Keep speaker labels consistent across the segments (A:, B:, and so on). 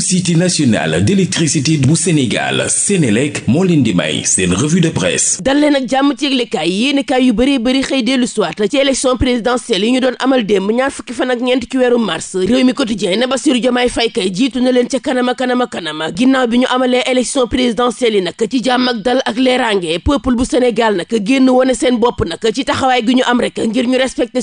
A: société nationale d'électricité bu Sénégal Sénélec moo leen di may seen revue de presse dal leen ak jàmm ci yëglekaay yu bëree bëri xëy dellu siwaat ci élection présidentielle yi ñu doon amal démb ñaar fukki fan ak ñeent ci weeru mars réew mi quotidien ne Bassirou Diomaye Faye kay jiitu na leen ca kanama kanama kanama ginnaaw bi ñu amalee élection présidentielle yi nag ci jàmm ak dal ak leeraange peuple bu Sénégal nag génn wone seen bopp nag gi ñu am rek ngir ñu respecter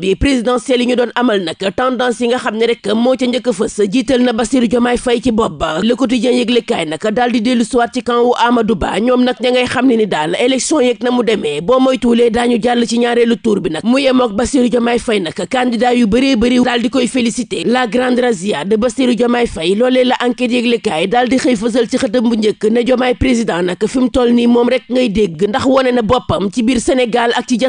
A: bi présidentielle yi ñu doon amal nag tendance yi nga xam ne rek moo ca njëkk a fës jiital na Bassirou Diomaye Faye ci bopp ba le quotidien yëglekaay nag daal di dellu siwaat ci camp wu Amadou Ba ñoom nag ña ngay xam ne ni daal élection yeeg na mu demee boo moytuwulee daañu jàll ci ñaareelu tour bi nag mu yemook Bassirou Diomaye Faye nag candidat yu bëree bëri daal di koy félicité la grande razzia de Bassirou Diomaye Faye loolee la enquête yëglekaay daal di xëy fësal ci xëtam bu njëkk ne Diomaye président nag fi mu toll nii moom rek ngay dégg ndax wone na boppam ci biir Sénégal ak ci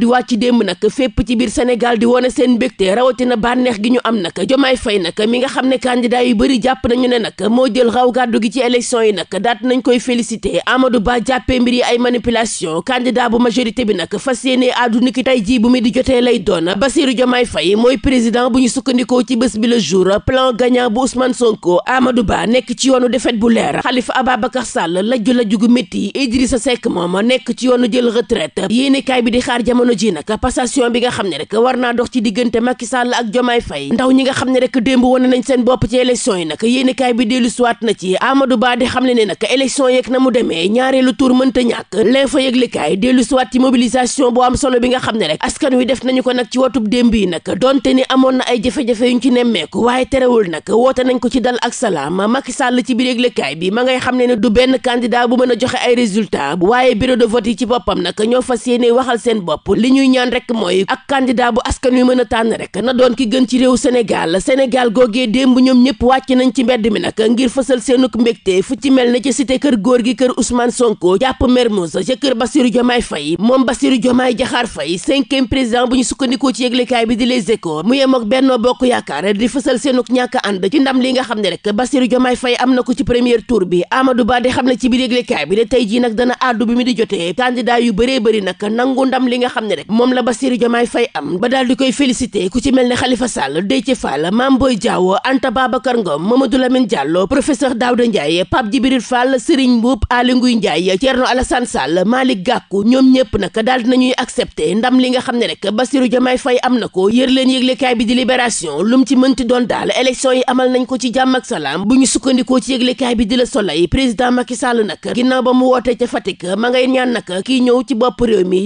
A: di wàcc démb nag fépp ci biir Sénégal di wone seen mbégte rawatina bànneex gi ñu am nag jomaay fay nag mi nga xam ne candidat yu bëri jàpp nañu ne nag moo jël raw gàddu gi ci élection yi nag daat nañ koy félicité Amadou Ba jàppee mbir yi ay manipulation candidat bu majorité bi nag fas yéene àdduna ki tey jii bu mi di jotee lay doon Bassirou Jomaay Fay mooy président bu ñu sukkandikoo ci bés bi la jour plan gagnant bu Ousmane Sonko Amadou Ba nekk ci yoonu defet bu leer Khalifa Ababacar Sall lajju lajju gu métti Idrissa Seck moom nekk ci yoonu jël retraite yéene kaay bi di xaar jamono jamono ji nag passation bi nga xam ne rek war naa dox ci diggante Macky Sall ak Diomaye Faye ndaw ñi nga xam ne rek démb wane nañ seen bopp ci élection yi nag yéenekaay bi dellu siwaat na ci Amadou Ba di xam ne ne nag élection yeeg na mu demee ñaareelu tour mënta ñàkk l'info yëglikaay dellu siwaat ci mobilisation bu am solo bi nga xam ne rek askan wi def nañu ko nag ci watub démb yi nag donte ni amoon na ay jafe-jafe ñu ci nemmeeku waaye terewul nag woote nañ ko ci dal ak salaam Macky Sall ci biir yëglikaay bi ma ngay xam ne ne du benn candidat bu mën a joxe ay résultat waaye bureau de vote yi ci boppam nag ñoo fas yéene waxal seen bopp li ñuy ñaan rek mooy ak candidat bu askan wi mën a tànn rek na doon ki gën ci réew Sénégal Sénégal googee démb ñoom ñëpp wàcc nañ ci mbedd mi nag ngir fësal seenuk mbégte fu ci mel ne ci cité kër góor gi kër Ousmane Sonko jàpp Mermoz ca kër Bassirou Diomaye Faye moom Bassirou Diomaye Diakhar fay cinquième président bu ñu sukkandikoo ci yëglekaay bi di Les Échos mu yem ak Bokk Yaakaar di fësal seenuk ñàkk ànd ci ndam li nga xam ne rek Bassirou Diomaye am na ko ci premier tour bi Amadou Ba di xam ne ci bi de tey jii nag dana àddu bi mi di jotee yu bëree bëri nag nangu ndam li nga xam ne rek moom la Bassirou Diomaye Faye am ba daal di koy félicité ku ci mel ne Khalifa Sall Déthié Fall Mame Boye Diao Anta Babacar Ngom Mamadou Lamine Diallo professeur Daouda Ndiaye Pape Djibril Fall Serigne Mboup Aly Ngouille Ndiaye Thierno Alassane Sall Malick Gakou ñoom ñëpp nag daal dinañuy accepté ndam li nga xam ne rek Bassirou Diomaye Faye am na ko yër leen yëglekaay bi di libération lu mu ci mënti doon daal élection yi amal nañ ko ci jàmm ak salaam bu ñu sukkandikoo ci yëglekaay bi di la Soleil président Macky Sall nag ginnaaw ba mu wootee ca ma ngay ñaan kii ñëw ci bopp réew mi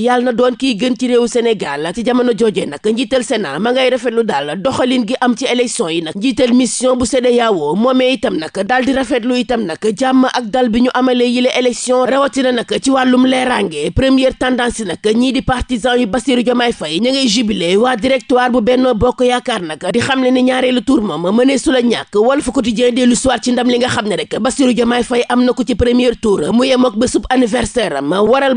A: gën ci réewu Sénégal ci jamono jooje nag njiital Sénat ma ngay rafetlu daal doxalin gi am ci élection yi nag njiital mission bu CEDEAO moomee itam nag daal di rafetlu itam nag jàmm ak dal bi ñu amalee yile élection rawatina nag ci wàllum leeraange première tendance nag ñii di partisan yu Bassirou Diomaye Faye ñu ngay jubilé waa directoire bu Benno Bokk Yaakaar nag di xam ne ni ñaareelu tour moom mënee su la ñàkk Walf Quotidien dellu soir ci ndam li nga xam ne rek Bassirou Diomaye Faye am na ko ci premier tour mu yem ak bésub anniversaire am waral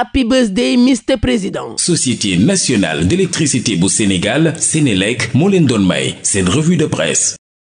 A: happy birthday Mr Président. Société nationale d'électricité bu Sénégal Sénélec moo leen doon may seen revue de presse.